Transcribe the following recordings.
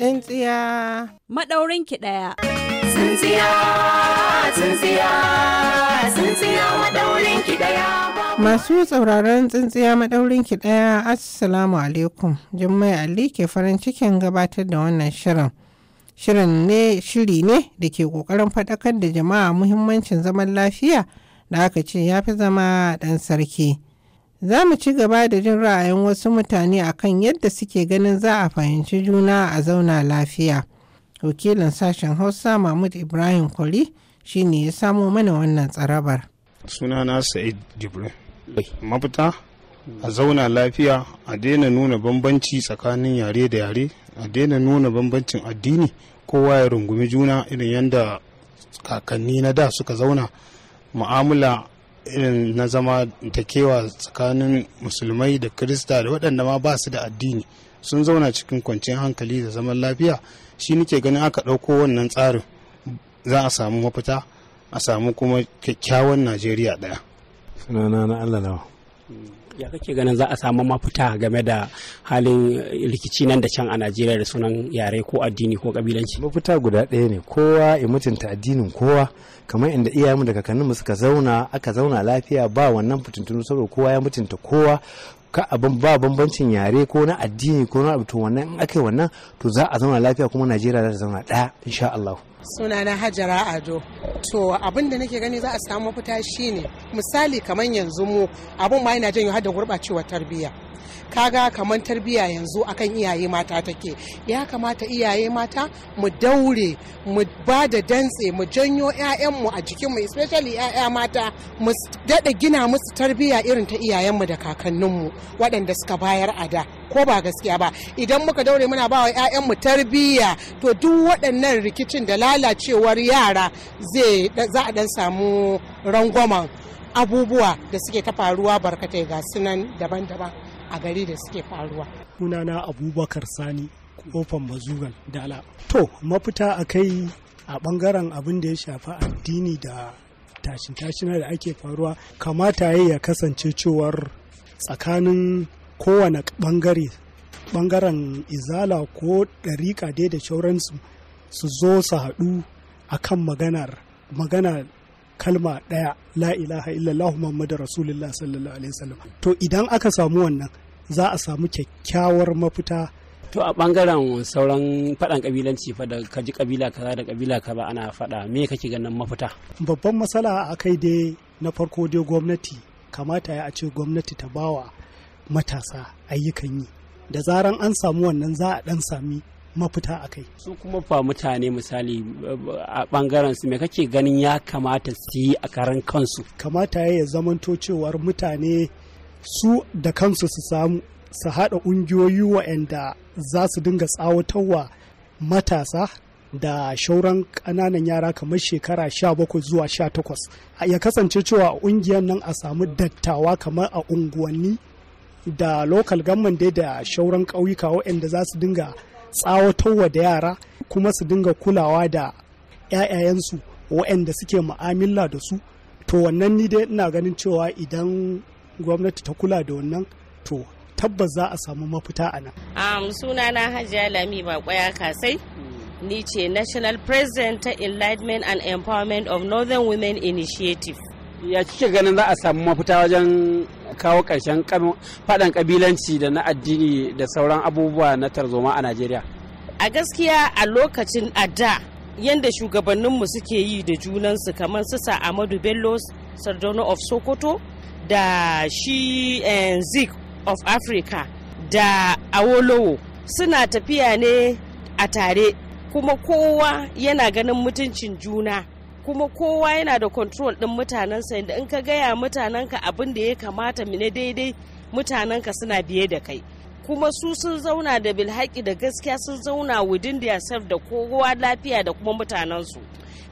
Tsintsiya. Maɗaurin ki ɗaya. Tsintsiya, tsintsiya, tsintsiya maɗaurin ki ɗaya. Masu tsauraran tsintsiya maɗaurin ki ɗaya Assalamu alaikum. Jummai Ali ke farin cikin gabatar da wannan shirin. Shirin ne shiri ne da ke ƙoƙarin faɗakar da jama'a muhimmancin zaman lafiya da aka ce ya fi zama ɗan sarki. Za mu ci gaba da jin ra'ayin wasu mutane akan yadda suke ganin za a fahimci juna a zauna lafiya. Wakilin sashen Hausa Mahmud Ibrahim Kwari shi ne ya samo mana wannan tsarabar. Sunana Sa'id Jibril. Mafita a zauna lafiya a daina nuna bambanci tsakanin yare da yare a daina nuna bambancin addini kowa ya rungumi juna irin yadda kakanni na da suka zauna mu'amala irin na zama ta kewa tsakanin musulmai da krista da waɗanda ma ba su da addini sun zauna cikin kwanciyar hankali da zaman lafiya shi nike ganin aka ɗauko wannan tsarin za a samu mafita a samu kuma kyakkyawan najeriya ɗaya sunana na allah mm. ya kake ganin za a samu mafita game da halin rikici nan da can a najeriya da sunan yare ko addini ko kabilanci mafita guda ɗaya ne kowa ya mutunta addinin kowa kamar inda iyayenmu da kakanninmu suka zauna aka zauna lafiya ba wannan fitintunu saboda kowa ya mutunta kowa ka abin ba bambancin yare ko na addini ko na abu to wannan in aka yi wannan to za a zauna lafiya kuma najeriya za ta zauna ɗaya insha Allah Suna na hajara ado to abin da nake gani za a samu mafita shine misali kamar yanzu mu abun ma yana janyo hada gurɓacewar tarbiyya kaga kamar tarbiyya yanzu akan iyaye mata take ya kamata iyaye mata mu daure mu ba da dantse mu janyo mu a jikinmu especially 'ya'ya mata mu daɗa gina musu tarbiyya irin ta iyayenmu da kakanninmu waɗanda suka bayar a da ko ba gaskiya ba idan muka daure muna ba wa mu tarbiyya to duk waɗannan rikicin da lalacewar yara zai za a dan samu rangwamen abubuwa da suke ta faruwa barkatai ga sunan daban-daban a gari da suke faruwa. Sunana Abubakar Sani kofan mazugan dala. To mafita a kai a bangaren abin da ya shafi addini da tashin-tashina da ake faruwa kamata ya kasance cewar tsakanin kowane bangare bangaren izala ko ɗariƙa dai da shauransu su zo su haɗu a kan maganar magana kalma ɗaya la ilaha illallah muhammadu rasulullah sallallahu alaihi wasallam to idan aka samu wannan za a samu kyakkyawar mafita to a bangaren sauran faɗan kabilanci fa da kaji ƙabila kaza da kabila kaza ana faɗa me kake ganin mafita babban matsala a kai dai na farko dai gwamnati kamata ya ce gwamnati ta bawa matasa ayyukan yi da zaran an samu wannan za a ɗan sami mafita a kai su kuma fa mutane misali a bangaren su me kake ganin ya kamata su yi a karan kansu kamata ya zamanto cewar mutane su da kansu su samu su haɗa ƙungiyoyi waɗanda za su dinga tsawatarwa matasa da shauran ƙananan yara kamar shekara 17 zuwa 18 ya kasance cewa a ƙungiyar nan a samu dattawa kamar a unguwanni da local government dai da shauran ƙauyuka waɗanda za su dinga tsawatarwa da yara kuma su dinga kulawa da 'ya'yayensu waɗanda suke ma'amila da su to wannan ni dai ina ganin cewa idan gwamnati ta kula da wannan to tabbas za a samu mafita a nan. suna na hajiya lami ba kwaya kasai ni ce national president ta enlightenment and empowerment of northern women initiative ya kike ganin za a samu mafita wajen kawo ƙarshen faɗan kabilanci da na addini da sauran abubuwa na tarzoma a najeriya a gaskiya a lokacin adda yadda shugabanninmu suke yi da junansu kamar su amadu bello sardono of sokoto da shi eh, zik of africa da awolowo suna tafiya ne a tare kuma kowa yana ganin mutuncin juna kuma kowa yana da control ɗin mutanensa inda in ka gaya mutanenka abin da ya kamata mu ne daidai mutanenka suna biye da kai kuma su sun zauna da bilhaki da gaskiya sun zauna within themselves da kowa lafiya da kuma mutanensu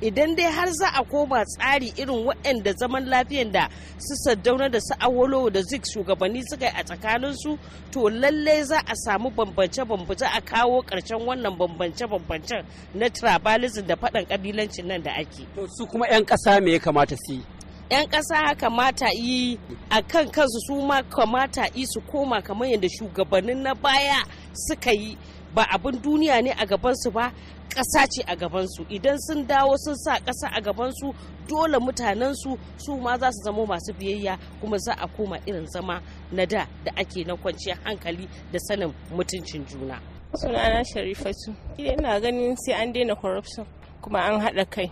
idan dai har za a koma tsari irin waɗanda zaman lafiyan da su saddauna da su awolo da zik shugabanni suka yi a tsakaninsu to lallai za a samu bambance-bambance a kawo ƙarshen wannan bambance-bambancen na tribalism da faɗan ƙabilancin nan da ake. to su kuma 'yan ƙasa me ya kamata su yi 'yan ƙasa kamata yi a kan kansu su ma kamata yi su koma kamar yadda shugabannin na baya suka yi ba abin duniya ne a gabansu ba ƙasa ce a gabansu idan sun dawo sun sa kasa a gabansu dole mutanensu su ma za su zama masu biyayya kuma za a koma irin zama na da da ake na kwanciyar hankali da sanin mutuncin juna sunana sharifatu ina ganin sai an daina corruption kuma an haɗa kai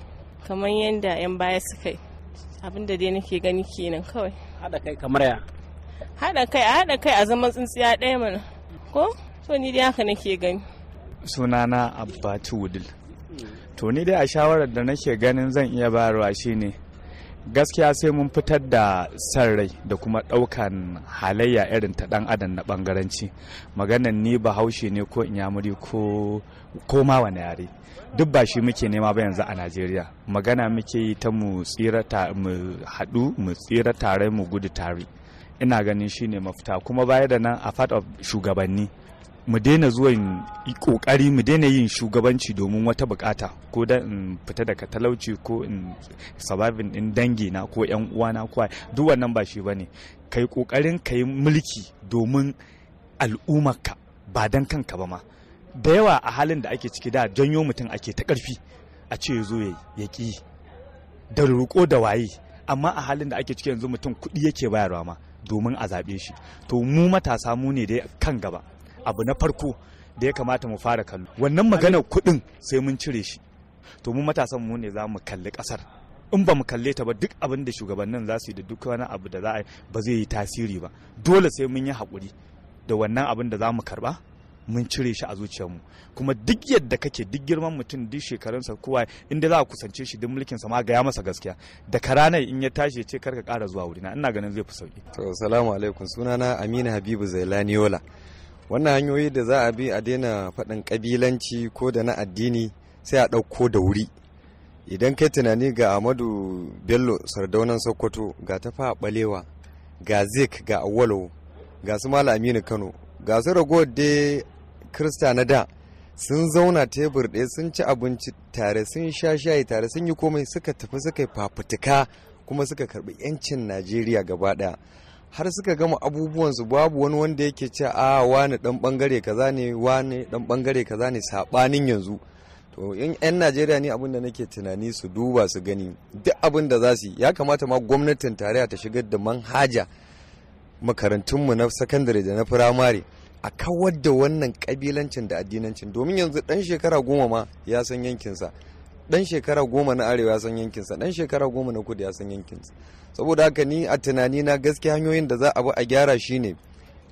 kamar yadda 'yan baya suka yi Abinda dai nake gani kenan kawai haɗa kai kamar ya haɗa kai a haɗa kai a zaman tsintsiya ɗaya mana ko to ni dai haka nake gani sunana abba tudul to ni dai a shawarar da nake ganin zan iya bayarwa shine gaskiya sai mun fitar da san rai da kuma ɗaukan halayya irin ta ɗan adam na ɓangaranci maganan ni ba haushe ne ko inyamuri ko koma wani yare duk ba shi muke nema ba yanzu a najeriya magana muke yi ta mu hadu mu haɗu mu tsira tare mu gudu tare ina ganin shi ne mafita kuma baya da nan a fat of shugabanni mu daina zuwan kokari mu daina yin shugabanci domin wata bukata ko da in fita daga talauci ko in surviving din dangi na ko yan uwana ko duk wannan ba shi bane kai kokarin kai mulki domin al'ummarka ba dan kanka ba ma da yawa a halin da ake ciki da janyo mutum ake ta karfi a ce ya zo ya ki da roƙo da waye amma a halin da ake ciki yanzu mutum kuɗi yake bayarwa ma domin a zaɓe shi to mu matasa mu ne dai kan gaba abu na farko da ya kamata mu fara kallo wannan maganar kuɗin sai mun cire shi to mu matasan mu ne za mu kalli ƙasar in ba mu kalle ta ba duk abin da shugabannin za su yi da duk wani abu da za a ba zai yi tasiri ba dole sai mun yi haƙuri da wannan abin da za mu karɓa mun cire shi a zuciyarmu kuma duk yadda kake duk girman mutum duk shekarunsa kowa inda za a kusance shi duk mulkin sa ma gaya masa gaskiya da rana in ya tashi ce karka ƙara zuwa wurina ina ganin zai fi sauki to assalamu alaikum sunana Aminu Habibu Zailani wannan hanyoyi da za a bi a daina faɗin ƙabilanci ko da na addini sai a ɗauko da wuri idan kai tunani ga amadu bello sardaunan sokoto ga ta fa balewa ga zik ga awalo ga su mala kano ga su ragowar da krista na da sun zauna tebur ɗaya sun ci abinci tare sun sha shayi tare sun yi komai suka tafi suka yi fafutuka kuma suka karɓi 'yancin najeriya gaba ɗaya har suka gama abubuwansu babu wani wanda yake ce a wani dan bangare kaza ne wani dan bangare kaza ne sabanin yanzu to in 'yan najeriya ne abin da nake tunani su duba su gani duk abin da za su ya kamata ma gwamnatin tarayya ta shigar da manhaja makarantunmu na sakandare da na firamare a kawar da wannan kabilancin da addinancin domin yanzu dan shekara goma ma ya san yankinsa dan shekara goma na arewa ya san yankinsa dan shekara goma na kudu ya san yankinsa saboda haka ni a tunani na gaskiya hanyoyin da za a bi a gyara shine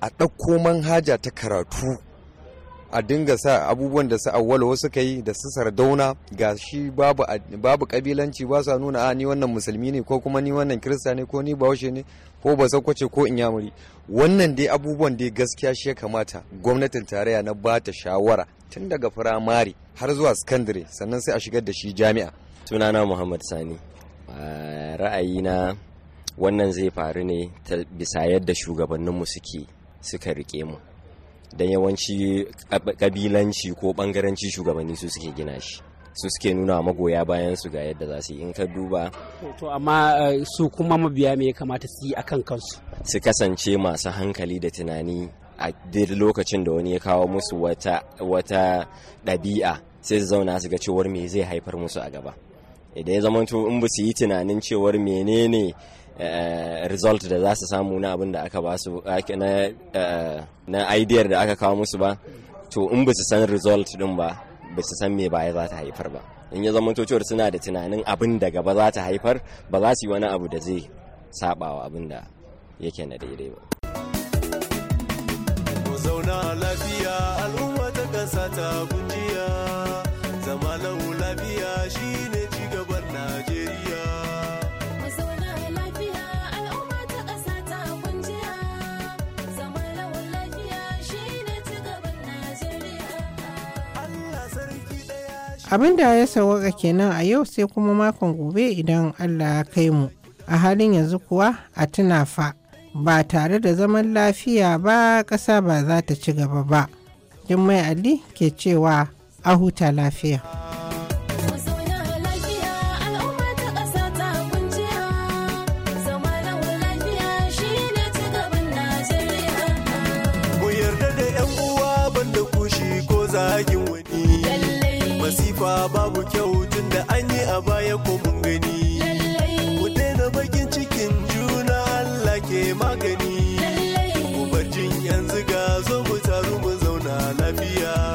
a ɗauko manhaja ta karatu a dinga sa abubuwan da su awwala wasu kai da su sardauna ga shi babu babu kabilanci ba sa nuna a ni wannan musulmi ne ko kuma ni wannan kirista ne ko ni bahaushe ne ko ba sakwace ko inyamuri wannan dai abubuwan dai gaskiya shi ya kamata gwamnatin tarayya na ba ta shawara tun daga firamare har zuwa sakandare sannan sai a shigar da shi jami'a sunana muhammad sani ra'ayina wannan zai faru ne ta bisa yadda shugabanninmu suke suka rike mu don yawanci kabilanci ko bangaranci shugabanni su suke gina shi su suke nuna magoya bayan su ga yadda za su yi in ka duba to amma eh, su kuma mabiya me ya kamata su yi akan kansu su kasance masu hankali da tunani a duk lokacin da wani ya kawo musu wata ɗabi'a sai su zauna su ga cewar me zai haifar musu a gaba idan ya zamanto in ba su yi tunanin cewar menene Eh, result da za su samu na abin da aka ba su na eh, idiyar da aka kawo musu ba to in ba su san result din ba ba su san me baya za ta haifar ba in ya zama tocewar suna da tunanin abin da gaba za ta haifar ba za su yi wani abu da zai sabawa abin da yake na daidai ba. lafiya abin da ya sauwaka kenan a yau sai kuma makon gobe idan allah ya kai mu a halin yanzu kuwa a tuna fa ba tare da zaman lafiya ba ƙasa ba za ta ci gaba ba jummai ali ke cewa a huta lafiya Thank yarda sifa babu kyau tun da an yi a baya ko mun gani ku daina bakin cikin juna Allah ke magani ku bar jin yanzu ga zo mu taru mu zauna lafiya